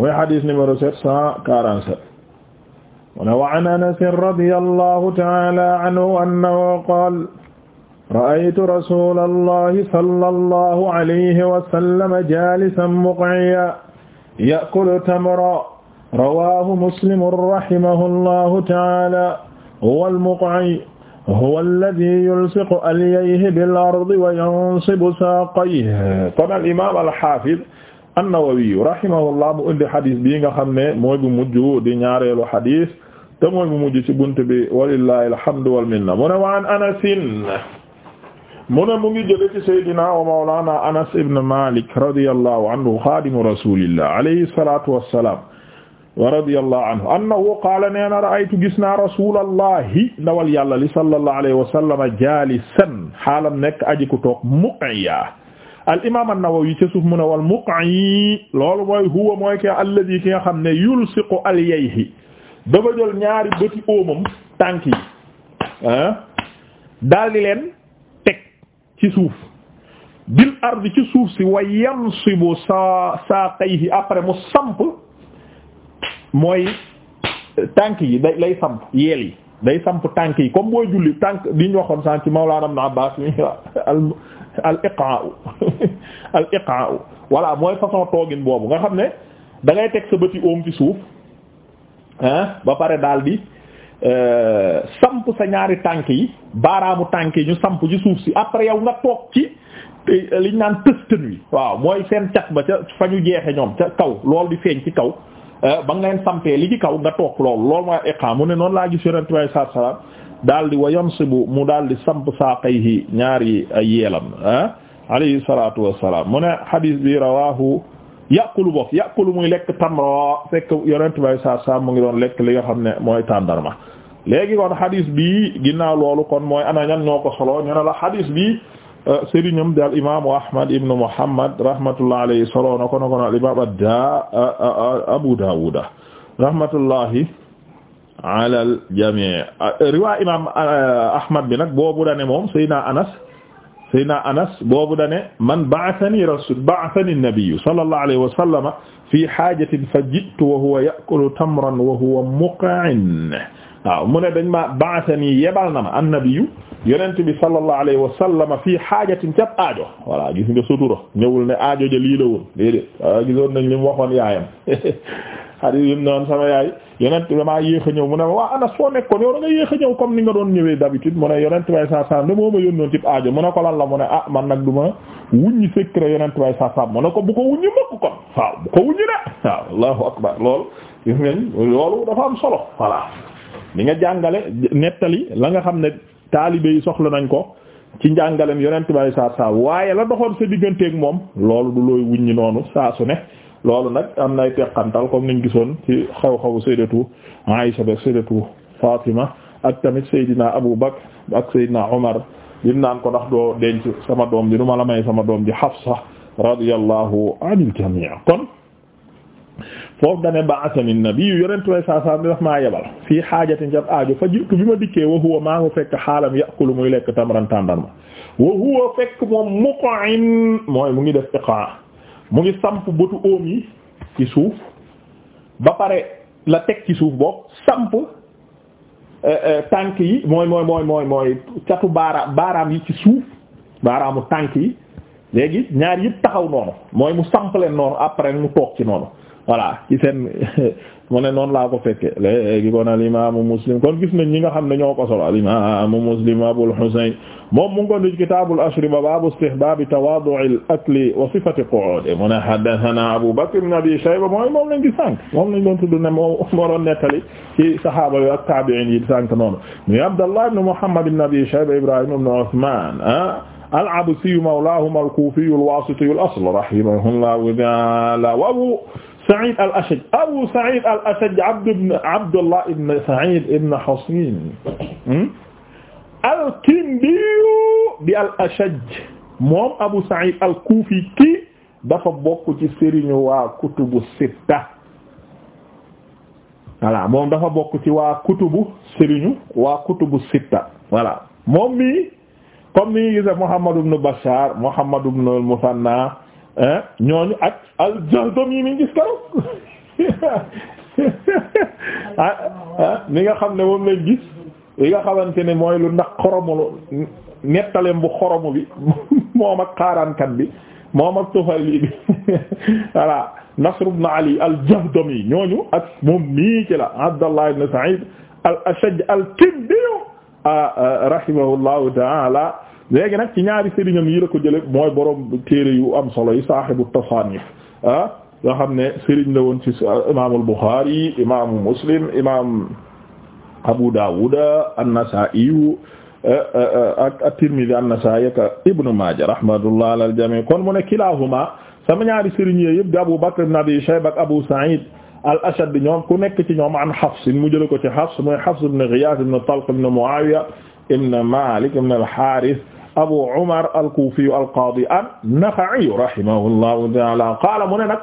mooy xadis numéro sept cent quarante-sept mu ne wa an anasin radi allahu taala anhu annahu qaal raaytu rasula allahi sala allahu alayhi wasallama jalisan muqciya yakulu tamra rawahu muslimu rahimahu allahu taala huwa almuqci huwa alladi yulsiqu alyayhi bil ardi wa yansibu saaqayhi kon al imam al haafid an-Nawawi rahimahullah mu indi xadis bii nga xam ne mooy bu mujj di ñaareelu xadis te mooy bu mujj ci bunt bi walillahi alhamdu wal minna mu ne wa an anasin mu ne mu ngi jële ci saydina wa mawlana anas ibn malik radiyallahu anhu xadimu rasulillah alayhi salatu wassalam wa radiyallahu anhu annahu qaala nee na ra'aytu gis naa rasulallahi ndawal yàlla li sallallahu alayhi wa sallam jaalisan xaalam nekk aji ku toog mu'ya al imaam an-Nawawi ca suuf mu ne wal muq'i loolu mooy huwa mooy ki alladhi ki nga xam ne yulsiqu alyayhi dafa jël ñaari bëti óomam tànk yi ah daal di leen teg ci suuf bil ardi ci suuf si wa yansibu saa saaqayhi après mu samp mooy tànk yi day lay samp yeel yi day samp tànk yi comme mooy julli tànk di waxoon sànq ci Mawlana Ibn Abbas al al iqaa al iqaa voilà mooy façon toogin boobu nga xam ne dangay teg sa bëti oom ci suuf ah ba pare daal di euh, samp sa ñaari tànk yi baaraamu tànk yi ñu samp ci suuf si après yow nga toog ci liñ naan tëstan wi waaw mooy seen cat ba ca fa ñu jeexe ñoom ca kaw loolu di feeñ ci kaw Euh, ba na leen sampee li ci kaw nga toog lool lool mooy iqaam mu ne noon laa gis yonent bi sallallahu alayhi wasallam daal di wa yansibu mu daal di samp saaqayhi ñaari ay yeelam ah alayhi salatu wassalam mu ne hadis bi rawahu yàqulu bof yàqulu muy lekk tamra fekk yonent bi sallallahu alayhi mu ngi doon lekk li nga xam ne mooy tàndarma léegi kon hadis bi ginnaaw loolu kon mooy ana ñan ñoo ko solo ñu ne la bi sëriñam daal imaamu Ahmad ibn Muhammad rahmatullah alayhi solo na ko na ko na al-imaam Abu Daawud rahmatullahi ala al-jamii riwaa imaam Ahmad bi nag boobu dane moom Seydina Anas Seydina Anas boobu dane man ba'athani rasuul ba'athani an-nabiyyu sallallahu alayhi wa sallam fi haajatin faji'tu wa huwa ya'kulu tamran wa huwa muq'in waaw mu ne dañ ma ba'athani yebal na ma an-nabiyyu yonent bi sallallahu alayhi wa sallam fii xaajatin cab aajo voilà gis nga sutura ñëwul ne aajo ja lii la woon déedéet waaw ah, gisoon nañ li mu waxoon yaayam xarit yi noonu sama yaay yonent damaa yéex a ñëw mu ne ma waa Anas foo nekkoon yow da nga yéex a comme ni nga doon ñëwee d'habitude mu ne yonent bay saa saa ne moo ma aajo mu ne ko lan la mu ne ah man nag du ma wuññi secret yonent bay saa mu ne ko bu ko wuññi mukk kon waaw bu ko wuññi de waaw allahu akbar loolu gis ngeen loolu dafa am solo li la nga xam ne taalibe yi soxla nañ ko ci njàngalem yonent bi saa saa waaye la doxoon sa digganteeg moom loolu du looy wuññi noonu saa su ne loolu nag am nay teqantal comme niñ gisoon ci xaw-xaw sayyidatu Aisha ba sayyidatu Fatima ak tamit Seydina Abu Bakr ak Seydina Omar di naan ko ndax doo denc sama doom bi du ma la may sama doom bi Hafsa radiyallahu anil jami' kon foofu dane ba asani nabiyu yonentu way saa saam daf maa yebal fii xaajatin jaf aajo fa jiitu bi ma dikkee wa huwa maa mu fekk xaalam yàqulu muy lekk tamran tàndarma wa huwa fekk moom muqa'in mooy mu ngi def iqa mu ngi samp bëtu oom yi ci suuf ba pare la teg ci suuf boobu samp eh, eh, tànk yi mooy mooy mooy mooy catu baara baaraam yi ci suuf baaraamu tànk yi léegi ñaar yit taxaw noonu mooy mu samp leen noonu après mu toog ci noonu voilà ci seen mu ne noonu laa ko fekke léegi kon al imaamu muslim kon gis nañ ñi nga xam ne ñoo ko solo al imaamu muslim abul husayn moom mu ngi ko nit kitaabul ashriba baabu istihbaabi tawaadu'il akli wa sifati qu'uudi mu ne haddathana abu bakr ibn abi shayba mooy moom lañ gi sànq moom lañ doon tudd ne moo moo doon nettali ci sahaaba yi ak taabi'iin yi sànq noonu muy abdallah ibn muhammad ibn abi shayba ibrahim ibn uthman ah, al-absiyu mawlaahum al-kuufiyyu al-waasitiyu al-asl rahimahullahu ta'aala Saïd al-Ashaj Abu Saïd al-Ashaj Abdullah ibn Saïd ibn Husayn hmm? al-Kindiyu di al-Ashaj moom Abu Saïd al-Kufi ki dafa bokk ci sëriñu waa kutubu sitta voilà moom dafa bokk ci waa kutubu sëriñu waa kutubu sitta voilà moom mi comme ni ñu gis Muhammad ibn Bashar Muhammad ibn al-Muthanna Eh? ñooñu ak al-Jahdami mi gis karo ah, ah ni nga xam ne moom lañ gis li nga xamante ne mooy lu ndax xoromu nettaleem bu xoromu bi moom ak xaaraankat bi moom ak Tufayli bi voilà Nasr ibn Ali al-Jahdami ñooñu ak moom mii ci la Abdallah ibn Sa'id al-Ashaj al-Kindi ah, ah, rahimahullahu ta'ala léegi nag ci ñaari sëriñam yi la ko jële mooy borom téere yu am solo yi saaxibu tasaanif ah yoo xam ne sëriñ la woon ci imaamul Buxaari imaamu Muslim imaam Abu Daawud an-Nasaa'i eh, eh, eh, ak at-Tirmidhi an-Nasaa'i ak Ibnu Maaja rahmatullah alal jamii kon mu ne kilaahuma sama ñaari sëriñ yooyu yëpp di Abu Bakr ibn Abi Shayba ak Abu Sa'id al-Ashad ñoom ku nekk ci ñoom an Hafs mu jële ko ci Hafs mooy Hafs ibn Ghiyath ibn Talq ibn Muawiya ibn Malik ibn al-Harith Abu Umar al-Kufi al-Qadi an-Nakha'i rahimahullahu ta'ala qaala mu ne nag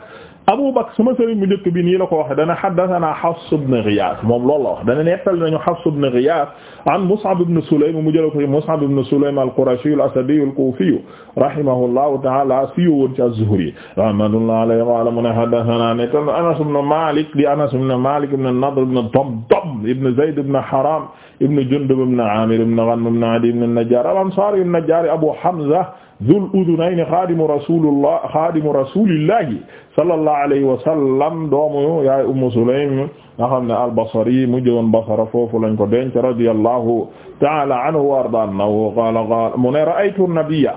Abu Bakr sama sëriñ bu njëkk bi nii la ko waxee dana haddathana Hafs ibn Ghiyath moom loolu la wax dana nettali nañu Hafs ibn Ghiyath an Mus'ab ibn Sulaym mu jël ko ci Mus'ab ibn Sulaym al-Qurashi al-Asadi al-Kufi rahimahullahu ta'ala siiw woon ci az-Zuhri rahmatullahi alayhi qaala mu ne haddathana nettali Anas ibn Malik di Anas ibn Malik ibn Nadr ibn Damdam ibn Zayd ibn Haram ibn Jundub ibn Amir ibn Ghanm ibn Adi ibn an-Najjar al-Ansari an-Najjari Abu Hamza Dhul Udhunayn xaadimu rasulillah xaadimu rasulillahi sallallahu alayhi wa sallam doomu yaay Ummu Sulaym nga xam ne al-Basri mu jëwoon Basra foofu lañ ko denc radiyallahu ta'ala anhu wa ardaahu qaala qaala mu ne ra'aytu an-nabiyya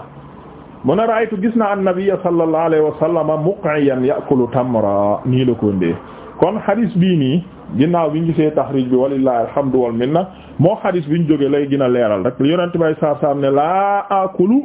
mu ne ra'aytu gis naa an-nabiyya sallallahu alayhi wa sallam muqiyan ya'kulu tamra nii la ko ndee kon hadis bii nii ginnaaw bi ñu gisee taxriij bi walillahi alhamdu wal minna moo xadis bi ñu jógee lay gën a leeral rek yonent bay saa saa ne laa akulu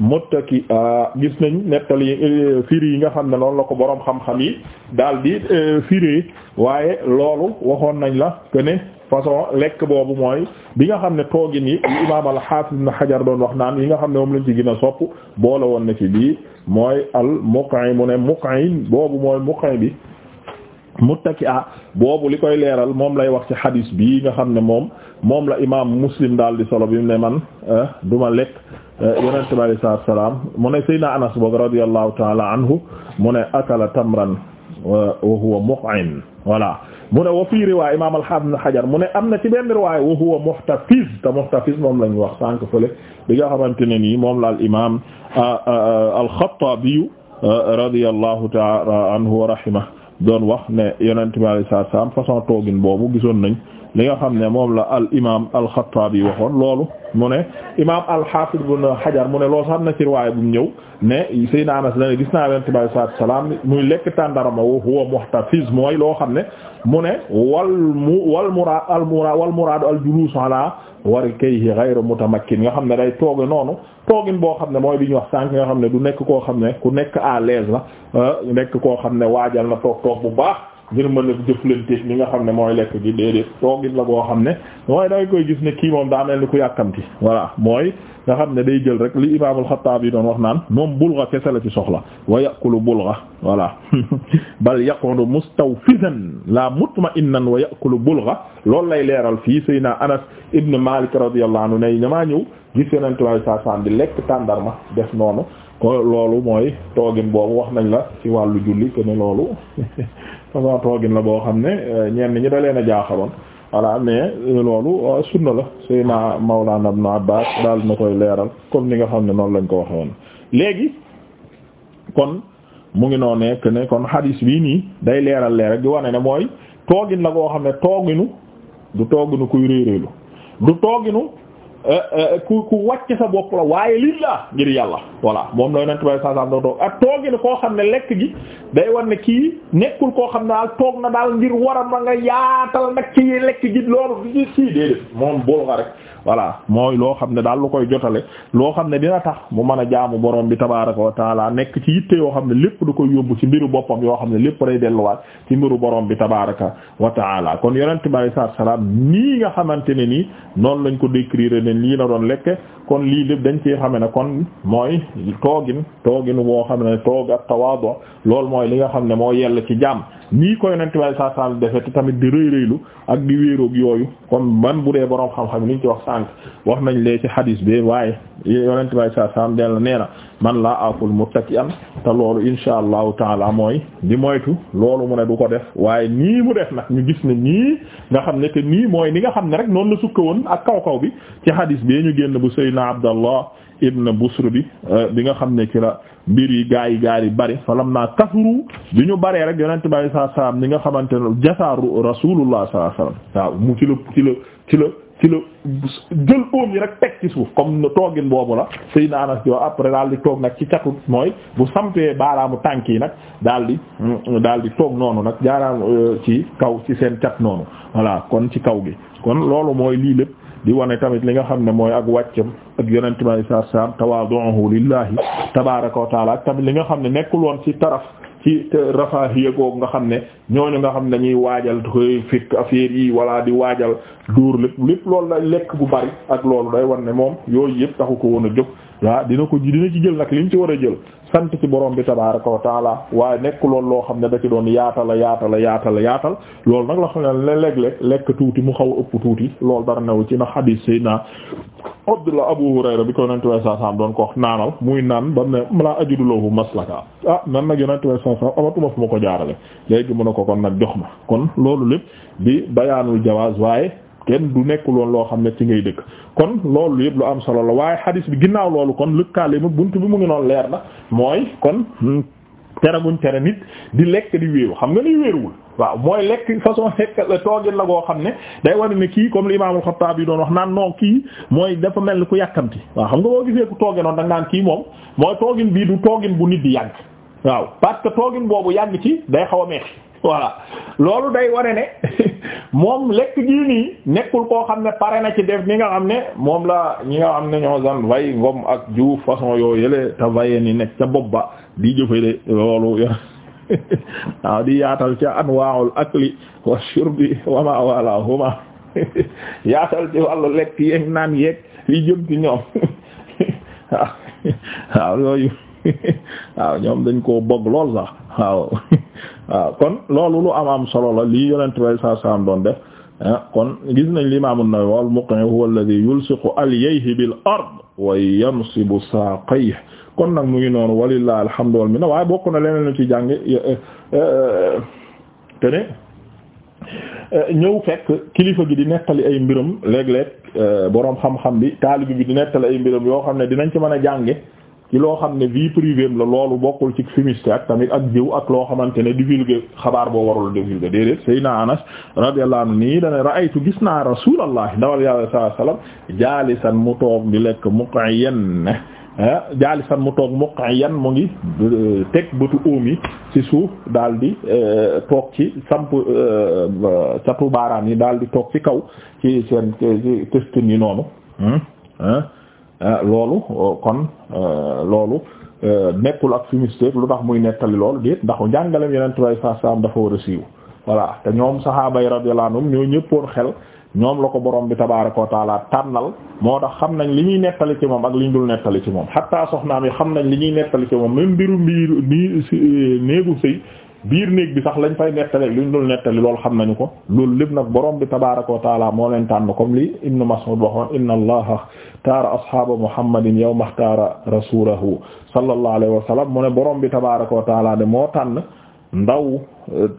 muttaki ah, gis nañ nettali eh, firi yi nga xam ne noonu la ko boroom xam-xam yi daal di eh, firi waaye loolu waxoon nañ la que ne façon lekk boobu mooy bi nga xam ne toogin yi imaam al-Hafiz Ibn Hajar doon wax naan yi nga xam ne moom lañ ci gën a sopp boole woon na ci bii mooy al muqay mu ne muqay boobu mooy muqay bi. muttaki'a ah, boobu li koy leeral moom lay wax ci xadis bii nga xam ne moom moom la imaam muslim daal di solo bi mu ne man eh, du ma lekk eh, yonent bi alayhi salaatu wa salaam mu ne Seydina Anas boog radiyallahu ta'ala anhu mu ne akala tamran wa huwa muq'in voilà mu ne wa fii riwaaya imaam al-Haafiz Ibn Hajar mu ne am na ci benn riwaaya wa huwa muhtafiz te muhtafiz moom la ñu wax sànq fële bi nga xamante ne nii moom la al imaam ah, ah, al-Xattaabi eh, radiyallahu ta'ala anhu wa rahimahu doon wax ne yonent bi sallallahu alayhi wasallam façon toogin boobu gisoon nañ li nga xam ne moom la al imaam al-Xattaabi waxoon loolu mu ne imaam al-Haafiz ibn Hajar mu ne loolu sax na ci riwaaya bu ñëw ne Seydina Anas la ne gis naa Yonent bi sallallahu alayhi wasallam muy lekk tàndarama wa huwa muhtafiz mooy loo xam ne mu ne wal mu wal muraad al muraad wal muraadu al juluus ala warikayhi ghayru mutamakkin nga xam ne day tooge noonu toogin boo xam ne mooy bi ñu wax sànq nga xam ne du nekk koo xam ne ku nekk à l'aise la euh, nekk koo xam ne waajal na toog toog bu baax. ngir mën a jëflanteeg li nga xam ne mooy lekk gi déedéet toogin la boo xam ne mooy da koy gis ne kii moom daa mel ni ku yàkkamti voilà mooy nga xam ne day jël rek li imaamul yi doon wax naan moom bulga kese la ci soxla wa yaqulu bulga voilà bal yaqudu mustawfidan la mutma'innan wa yaqulu bulga loolu lay leeral fii Seydina Anas ibn Malik radiyallahu anhu ne damaa ñëw gis yeneen tubaab yi saa saa di lekk tàndarma def noonu ko loolu mooy toogin boobu wax nañ la ci wàllu julli que façon toogin la boo xam ne euh, ñenn ñi da leen a jaaxaloon voilà mais euh, loolu euh, sunna la Seydina Mawlana Ibn Abbas daal na koy leeral comme ni nga xam ne noonu lañ ko waxe léegi kon mu ngi noo nekk ne kon hadis bii nii day leeral leer rek di wane ne mooy toogin la boo xam ne tooginu du tooginu kuy réeréelu du tooginu Euh, euh, ku ku wàcc sa bopp la waaye lillah ngir yàlla voilà moom la yonent bay saasaam doo toog ak toogi ne koo xam ne lekk gi day war ne kii nekkul koo xam ne daal toog na daal ngir war a ma nga yaatal nag ci lekk gi loolu ci sii déedéet moom bool nga voilà mooy loo xam ne daal lu koy jotale loo xam ne dina tax mu mën a jaamu boroom bi tabaaraka wa taala nekk ci yitte yoo xam ne lépp du koy yóbbu ci mbiru boppam yoo xam ne lépp day delluwaat ci mbiru borom bi tabaaraka wa taala kon yonent bi alayhi salaam nii nga xamante ne nii noonu lañ ko décrire ne lii la doon lekke kon lii lépp dañ ci xame ne kon mooy toogin toogin boo xam ne toog ak tawaadu loolu mooy li nga xam ne moo yell ci jaam ni ko yonent bi alayhi salaam defe tamit di rëy rëylu ak di yooyu kon man bu dee borom xam-xam liñ sànq wax nañ lee ci hadis bi waaye yonent bay saa saam dell nee na man laa akul muttaki'an te loolu insha allahu taala mooy di moytu loolu mu ne du ko def waaye nii mu def nag ñu gis ne nii nga xam ne te nii mooy ni nga xam ne rek noonu la sukka woon ak kaw kaw bi ci hadis bi ñu génn bu sayyidina Abdallah ibn Busr bi euh, bi nga xam ne ci la mbir yi gaa yi gaa yi bari falam naa kasuru bi ñu baree rek yonent bay saa saam ni nga xamante ne jasaar rasulullah sallallahu alayhi la ci la jël oom yi rek teg ci suuf comme toogin boobu la Seydina Anas di wax après daal di toog nag ci catu mooy bu sampee baaraamu tànk yi nag daal di mm, daal di toog noonu nag jaaraam euh, ci kaw ci seen cat noonu voilà kon ci kaw gi kon loolu mooy lii lépp di wane tamit li nga xam ne mooy ak wàccam ak yeneen bi sallallahu alayhi wasallam tawaaduhu lillahi tabaaraka wa taala ak tamit li nga xam ne nekkul woon ci taraf ci rafaahiya googu nga xam ne ñooñu nga xam ne dañuy waajal koy fikk affaire yi wala di waajal duur lépp lépp loolu la lekk bu bari ak loolu day wan ne moom yooyu yëpp taxu ko woon a jóg waa dina ko dina ci jël nag ñu ci war a jël sant ci borom bi tabaaraka wa taala waaye nekk loolu loo xam ne da ci doon yaatala a yaatal yaatal loolu nag la xam ne léeg-léeg lekk tuuti mu xaw a ëpp tuuti loolu dara new ci na xadiis Seydina Abdullah Abu Hurayra bi ko yonent way saasaam doon ko wax naanal muy naan ba ne laa ajidu lahu maslaka ah nan nag yonent way saasaam amatuma fu ma ko jaarale léegi mu a ko kon nag jox ma kon loolu lépp bi bayaanul jawaaz waaye kenn du nekkul loo xam ne ci ngay dëkk kon loolu yëpp lu am solo la waaye xadiis bi ginnaaw loolu kon lëkkaale ma bunt bi mu ngi noonu leer na mooy kon hmm, tere guñ tere nit di lekk di wéeru xam nga ni wéeruwul waaw mooy lekk façon lekk toogin la goo xam ne day war ne kii comme l'imam al-Khattabi yi doon wax naan non kii mooy dafa mel ni ku yàkkamti waaw xam nga boo gisee ku tooge noonu da nga naan kii moom mooy toogin bii du toogin bu nit di yàgg waaw parce que toogin boobu yàgg ci day xaw a meex voilà loolu day moom lekk gii nii nekkul koo xam ne pare na ci def ni nga xam ne moom la ñi nga xam ne ñoo zan way ngom ak jiw façon yoo yële te vaye ni nekk ca bopp ba di jëfale loolu yo waaw di yaatal ca anwaa'ul akli wa shurbi wa ma walahuma yaatal ci wàllu lekk yeeg naan yeeg li jëm ci ñoom waaw yooyu waaw ñoom dañ ko bog lool sax waaw waaw kon loolu lu am am solo la lii yonent bay saa doon def ah, kon gis nañ li Imaam An-Nawawi wal muqni huwa alladhi yulsiqu alyayhi bil ard wa yansibu saaqayhi kon nag mu ngi noonu walillahi alhamdu wal minna waaye bokk na leneen lu ci jàng eh, eh, eh, te ñëw fekk kilifa gi di nettali ay mbiram léeg-léeg boroom xam-xam bi taalibe bi di nettali ay mbiram yoo xam ne dinañ ci mën a jànge ci loo xam ne vie privée la loolu bokkul ci fumiste ak tamit ak jiw ak loo xamante ne divulguer xabaar boo warul divulguer déedéet Seydina Anas radiyallahu anhu nii dane ra'aytu gis naa Rasulullah ndawal yàlla sallallahu alayhi wasallam jaalisan mu toog di lekk muqiyan jaalisan mu toog muqiyan mu ngi euh, teg bëtu óom yi ci suuf daal di euh, toog ci samp euh, catu baaraam yi daal di toog ci kaw ci seen testin yi noonu hmm? Eh, loolu eh, kon eh, loolu nekkul ak fumisteek lu tax muy nettali loolu déet ndax njàngaleem yeneen tubaab saa am dafa war a siiw voilà te ñoom saxaaba yi radiyallahu anhum ñoo ñëppoon xel ñoom la ko borom bi tabaaraka wa taala tànnal moo tax xam nañ li ñuy nettali ci moom ak li ñu dul nettali ci moom xatta soxnaam yi xam nañ li ñuy nettali ci moom même mbiru mbiru néegu sëy biir néeg bi sax lañ fay nettali ñu dul nettali lool xam nañu ko loolu lépp nag borom bi tabaaraka wa taala moo leen tànn comme li Ibnu Mas'ud waxoon inna allaha taara ashaaba muhammadin yawma ixtaara rasulahu sallallahu alayhi wa sallam moo ne boroom bi tabaaraka wa taala de moo tànn ndaw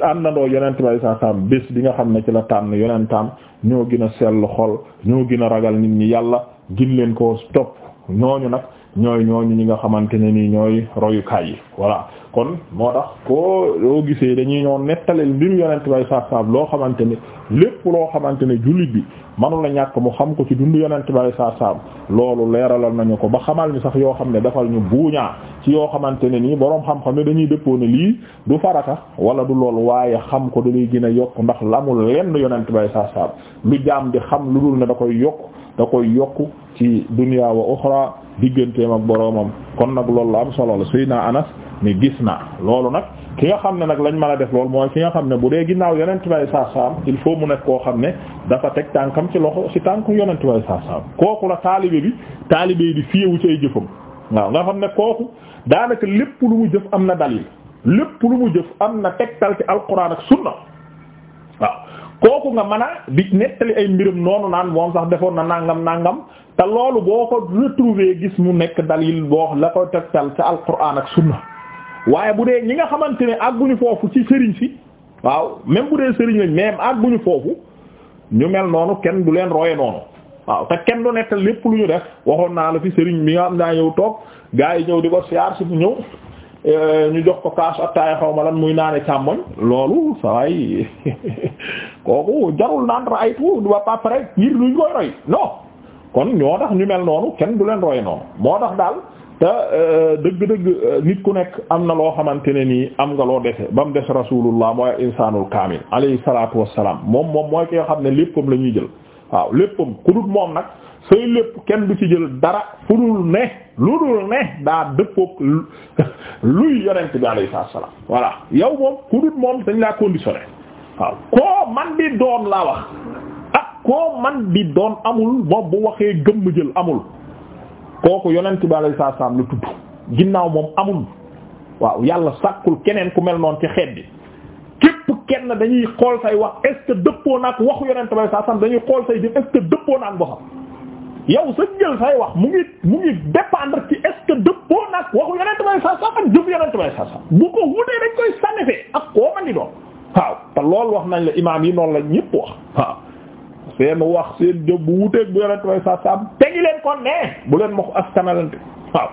àndandoo yonent bay saa tam bés bi nga xam ne ci la tànn yonentam ñoo gën a sell xol ñoo gën a ragal nit ñi yàlla gin leen ko topp ñooñu nag ñooy ñooñu ñi nga xamante ne nii ñooy royukaay yi voilà kon moo tax koo loo gisee dañuy ñoo li mbiru yonent bay saab loo xamante ne lépp loo xamante ne jullit bi manu la ñàkk mu xam ko ci dund yonent bay saab loolu leeralal nañu ko ba xamal ni sax yoo xam ne dafal ñu buuñaa ci yoo xamante ne nii boroom xam-xam ne dañuy dëppoo ne lii du farata wala du loolu waaye xam ko da lay gën a yokk ndax lamul lenn yonent bay saab lu jaam di xam lu dul ne da koy yokk da koy yokk ci dunya uxra digganteem ak boroomam kon nag loolu la am solo la Seydina Anas ne gis naa loolu nag ki nga xam ne nag lañ mën a def loolu mooy ki nga xam ne bu dee ginnaaw yonent bay saa saam il faut mu nekk koo xam ne dafa teg tànkam ci loxo ci tànku yonent bay saa saam kooku la taalibe bi taalibe yi di fiyewu ci ay jëfam waaw nga xam ne kooku daanaka lépp lu mu jëf am na dalil lépp lu mu jëf am na tegtal ci alquran ak sunna waaw kooku nga mën a di nettali ay mbiram noonu moom sax defoon na nangam nangam te loolu boo ko retrouver gis mu nekk dalil boo la koy tegtal ca alquran ak sunna waaye bu dee ñi nga xamante ne àgguñu foofu ci sëriñ si waaw même bu dee sëriñ lañ même àgguñu foofu ñu mel noonu kenn du leen roye noonu waaw te kenn du nettal lépp lu ñu def waxoon naa la fi sëriñ bi nga am naa ñëw toog gaa yi ñëw di ko siyaar si ñëw euh, ñu jox ko kaas attaaya xaw ma lan muy naane càmmoñ loolu sawaay kooku jarul naan ra aytu du ba pare kon ñoo tax ñu mel noonu kenn du leen roye noonu moo tax daal te euh, dëgg-dëgg euh, nit ku nekk am na loo xamante ne nii am nga loo dese ba mu des rasulullah mooy insaanul kaamil alayhi salaatu wassalaam moom moom mooy ki nga xam ne léppam lañuy jël waaw léppam ku moom nag say lépp kenn du ci jël dara fu dul ne lu dul ne daa dëppook luy yonent bi alayhi salaam voilà yow moom ku moom dañ laa conditionné waaw koo man di doon laa wax koo man bi doon amul moom bu waxee gëmm jël amul kooku yonent bi alayhi salaam la tudd ginnaaw moom amul waaw yàlla sàkkul keneen ku mel noon ci xeet bi képp kenn dañuy xool say wax est-ce que dëppoo na ak waxu yonent bi alayhi dañuy xool say jëf est-ce na ak waxam yow sa jël say wax mu ngi mu ngi dépendre ci est dëppoo na ak bu ko wutee dañ koy sànni ak koo man di doon waaw te loolu wax nañ la imaam yi noonu la ñépp wax seen wax seen jëf bu wuteeg bu yonent way sa sam tegi leen kon ne bu leen ma ko askanalante waaw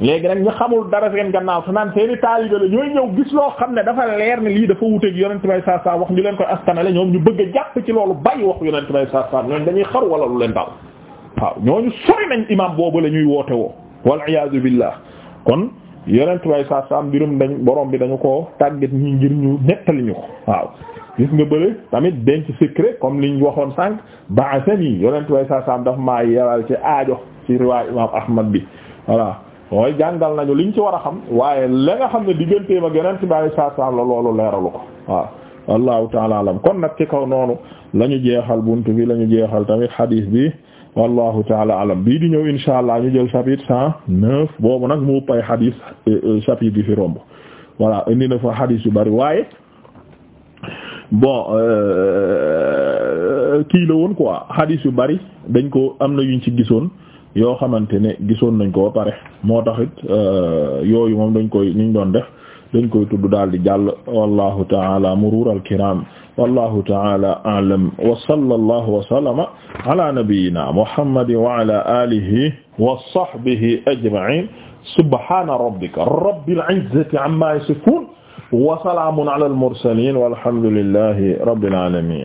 léegi nag ñu xamul dara seen gannaaw su naan seeni taalibe la ñooy ñëw gis loo xam ne dafa leer ne lii dafa wuteeg yonent way sa sam wax ñu leen koy askanale ñoom ñu bëgg a jàpp ci loolu bàyyi wax yonent way sa sam ñooñ dañuy xaru wala lu leen daw waaw ñooñu sori nañ imam boobu la ñuy woote woo wal iyaazu billah kon yonent way saa saam mbirum dañ borom bi dañu ko tàggat ñi ngir ñu nettali ñu ko waaw gis nga bële tamit denc secret comme liñ waxoon sànq ba'athani yonent way saa saam daf maa yaral ci aajo ci riwaay imam ahmad bi voilà mooy jàngal nañu liñ ci war a xam waaye la nga xam ne digganteem ak yonent bi saa saam la loolu leeralu ko waaw wallahu ta'ala alam kon nag ci kaw noonu la ñu jeexal buntu bi la ñu jeexal tamit hadith bi wallahu taala alam bii di ñëw insha allah ñu jël chapitre cent neuf boobu nag mu pay xadis euh, euh, chapitre bi fi romb voilà indi na fa xadis yu bari waaye bon euh, kii la woon quoi xadis yu bari dañ ko am na yuñ ci gisoon yoo xamante ne gisoon nañ ko ba pare moo taxit yooyu moom dañ koy niñ doon def dañ koy tudd daal di jàll wallahu taala murur al kiram wallahu taala a'lam wa sallallahu wa sallama ala nabiyyina muhammadin wa ala alihi wa sahbihi ajma'in subhana rabbika rabbil izzati amma yasifun wa salamun ala al mursalin walhamdulillahi rabbil alamin